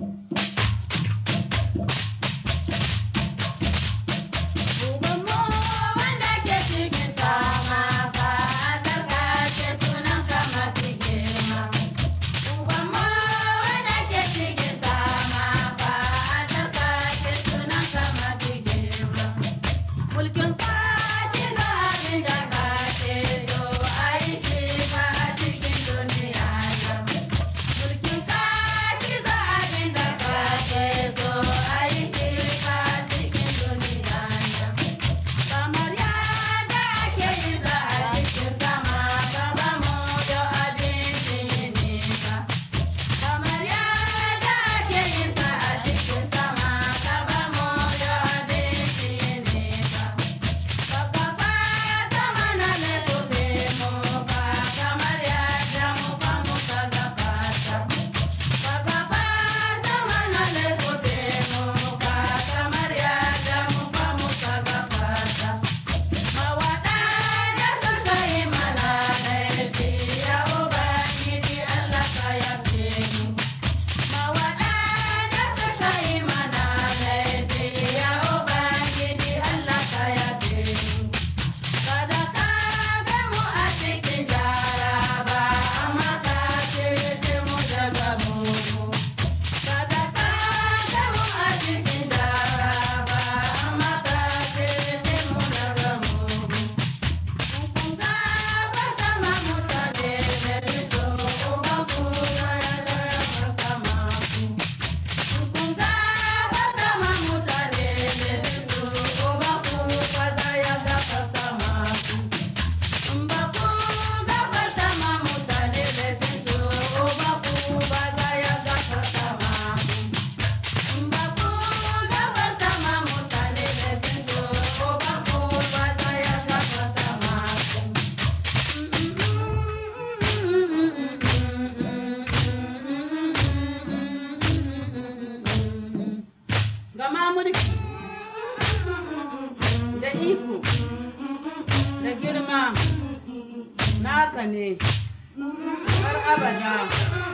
Thank you. da girma naka ne har abada